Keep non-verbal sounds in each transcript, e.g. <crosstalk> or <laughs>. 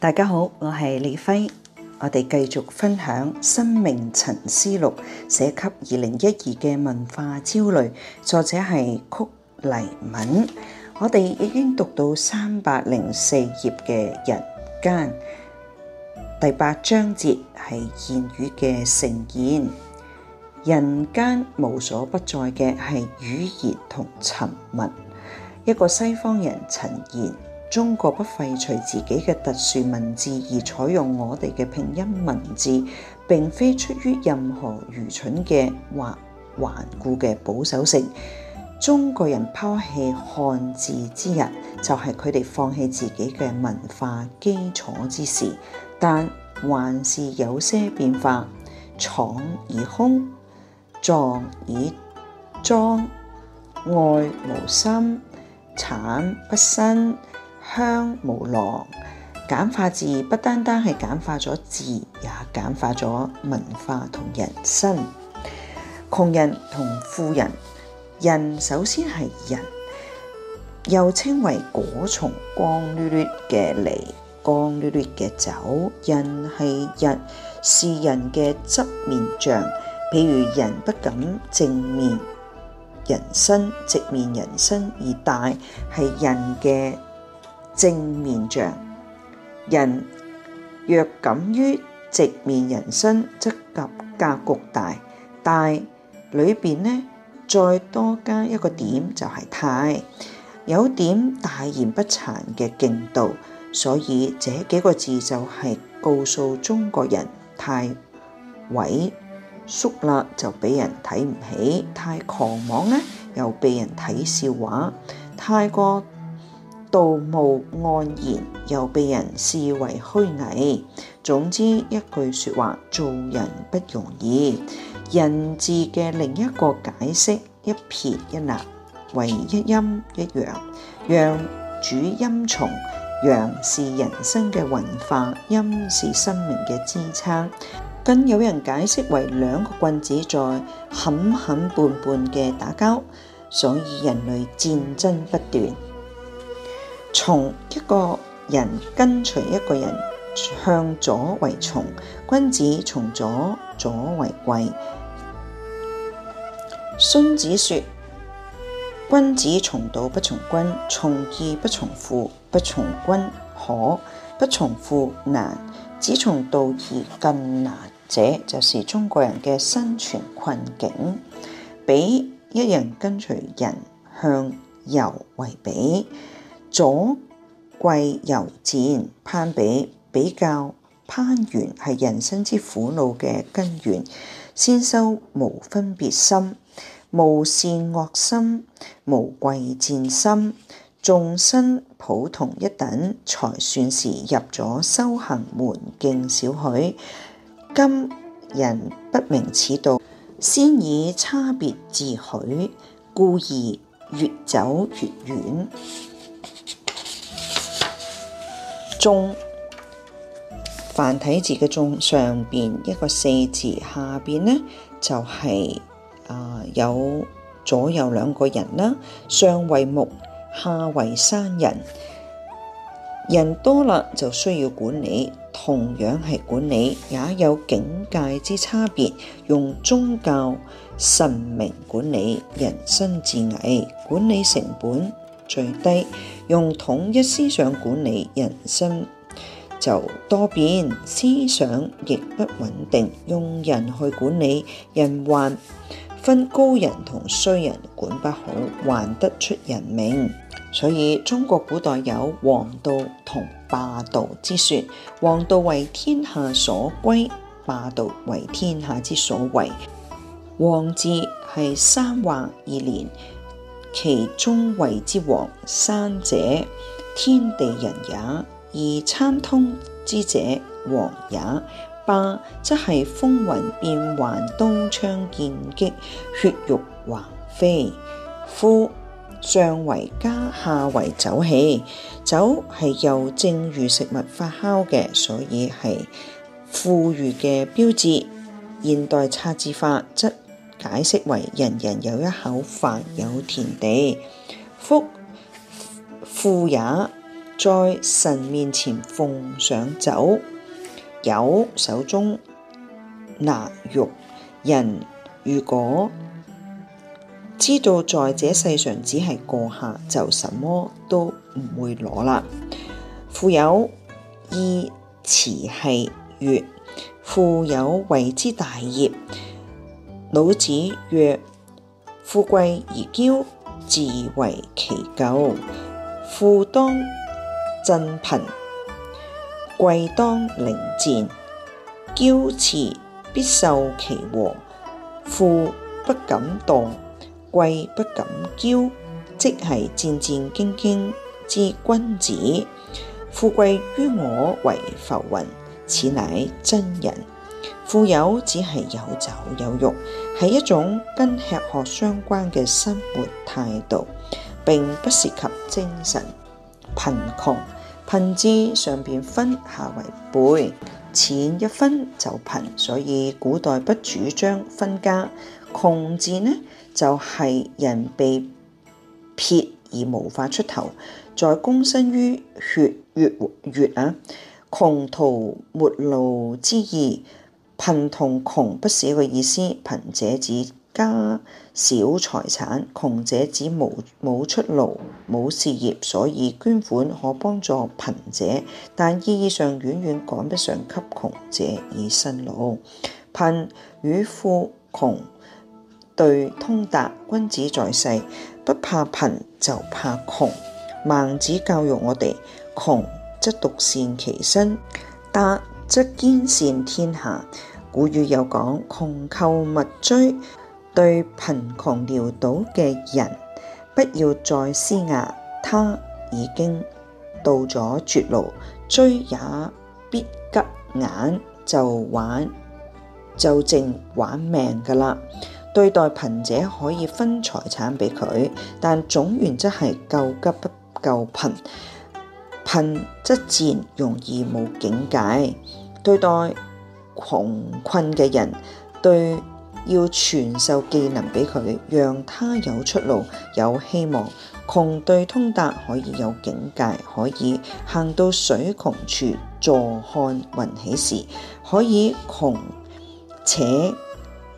大家好，我係李輝，我哋繼續分享《生命沉思錄》寫給二零一二嘅文化焦慮，作者係曲黎敏。我哋已經讀到三百零四頁嘅人間第八章節係言語嘅盛宴」。「人間」無所不在嘅係語言同沉默。一個西方人陳言。中國不廢除自己嘅特殊文字，而採用我哋嘅拼音文字，並非出於任何愚蠢嘅或頑固嘅保守性。中國人拋棄漢字之日，就係佢哋放棄自己嘅文化基礎之時。但還是有些變化，廠而空，藏而裝，愛無心，產不生。香無浪，簡化字不單單係簡化咗字，也簡化咗文化同人生。窮人同富人，人首先係人，又稱為果蟲光溜溜嘅嚟，光溜溜嘅走。人係人，是人嘅側面像，譬如人不敢正面，人生直面人生而大係人嘅。正面像人若敢於直面人生，則及格局大。大裏邊呢，再多加一個點，就係太有點大言不慚嘅勁度。所以這幾個字就係告訴中國人：太萎縮啦，就俾人睇唔起；太狂妄呢，又俾人睇笑話；太過。道貌岸然，又被人視為虛偽。總之，一句說話，做人不容易。人字嘅另一個解釋，一撇一捺為一陰一陽，陽主陰從，陽是人生嘅文化，陰是生命嘅支撐。更有人解釋為兩個棍子在狠狠絆絆嘅打交，所以人類戰爭不斷。從一個人跟隨一個人向左為從，君子從左左為貴。孫子說：君子從道不從君，從義不從父，不從君可，不從父難，只從道義更難者。者就是中國人嘅生存困境。比一人跟隨人向右為比。左貴右賤，攀比比較攀緣，係人生之苦惱嘅根源。先修無分別心、無善惡心、無貴賤心，眾生普同一等，才算是入咗修行門徑。少許今人不明此道，先以差別自許，故而越走越遠。中繁體字嘅中上邊一個四字，下邊呢就係、是、啊、呃、有左右兩個人啦，上為木，下為山。人。人多啦就需要管理，同樣係管理，也有境界之差別。用宗教、神明管理，人身自危，管理成本。最低用統一思想管理人生，就多變，思想亦不穩定。用人去管理人，患分高人同衰人，管不好還得出人命。所以中國古代有王道同霸道之說，王道為天下所歸，霸道為天下之所為。王字係三橫二連。其中謂之王三者，天地人也；而參通之者王也。霸則係風雲變幻，刀槍劍戟，血肉橫飛。夫上為家，下為酒器。酒係由正如食物發酵嘅，所以係富裕嘅標誌。現代拆字法則。解釋為：人人有一口飯，有田地，福富也，在神面前奉上酒、有手中拿肉。人如果知道在這世上只係過客，就什麼都唔會攞啦。富有衣、詞、係、月，富有為之大業。老子曰：富貴而驕，自為其咎。富當振貧，貴當凌賤。驕侈必受其禍。富不敢動，貴不敢驕，即係戰戰兢兢之君子。富貴於我為浮雲，此乃真人。富有只係有酒有肉，係一種跟吃喝相關嘅生活態度，並不涉及精神。貧窮，貧字上邊分下為貝，錢一分就貧，所以古代不主張分家。窮字呢就係、是、人被撇而無法出頭，再躬身於血月月啊，窮途末路之意。貧同窮不是個意思，貧者指家小財產，窮者指無冇出路冇事業，所以捐款可幫助貧者，但意義上遠遠趕不上給窮者以新路。貧與富、窮對通達，君子在世不怕貧就怕窮。孟子教育我哋，窮則獨善其身，則兼善天下。古語有講窮寇勿追，對貧窮潦倒嘅人，不要再施壓，他已經到咗絕路，追也必急眼，就玩，就淨玩命㗎喇。對待貧者可以分財產俾佢，但總原則係救急不救貧，貧。得賤容易冇境界，對待窮困嘅人，對要傳授技能俾佢，讓他有出路、有希望。窮對通達可以有境界，可以行到水窮處，坐看雲起時，可以窮且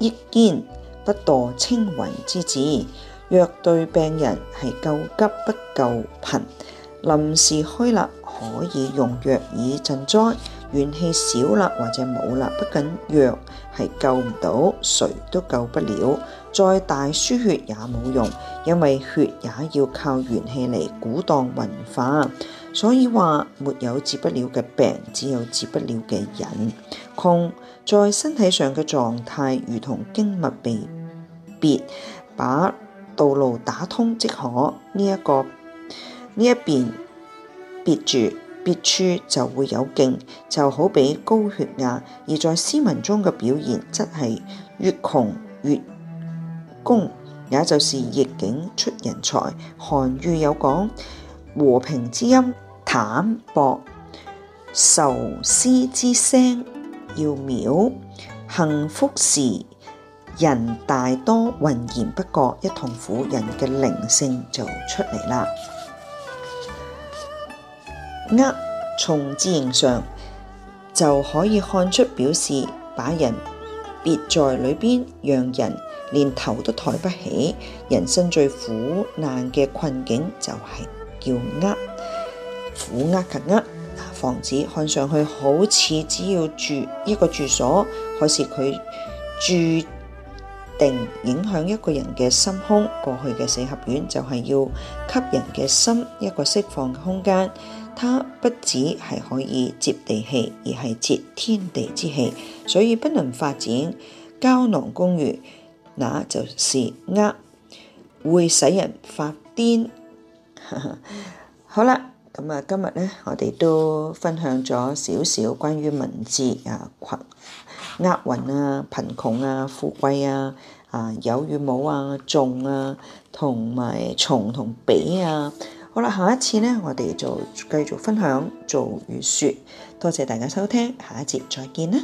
益堅，不墮青雲之志。若對病人係救急不救貧，臨時開立。可以用藥以賑災，元氣少啦，或者冇啦，不僅藥係救唔到，誰都救不了，再大輸血也冇用，因為血也要靠元氣嚟鼓動運化，所以話沒有治不了嘅病，只有治不了嘅人。窮在身體上嘅狀態，如同經脈被別，把道路打通即可。呢一個呢一邊。別住別處就會有勁，就好比高血壓；而在詩文中嘅表現，則係越窮越工，也就是逆境出人才。韓愈有講：和平之音淡薄，愁思之聲要妙。幸福時人大多渾然不覺，一痛苦人嘅靈性就出嚟啦。厄，從字形上就可以看出，表示把人別在裏邊，讓人連頭都抬不起。人生最苦難嘅困境就係叫厄，苦厄及厄。房子看上去好似只要住一個住所，可是佢注定影響一個人嘅心胸。過去嘅四合院就係要給人嘅心一個釋放空間。它不只係可以接地氣，而係接天地之氣，所以不能發展膠囊公寓，那就是呃會使人發癲。 <laughs> 好啦，咁啊，今日咧，我哋都分享咗少少關於文字啊、群厄運啊、貧窮啊、富貴啊、啊有與冇啊、重啊、同埋重同比啊。好啦，下一次呢，我哋就繼續分享做粵說，多謝大家收聽，下一節再見啦。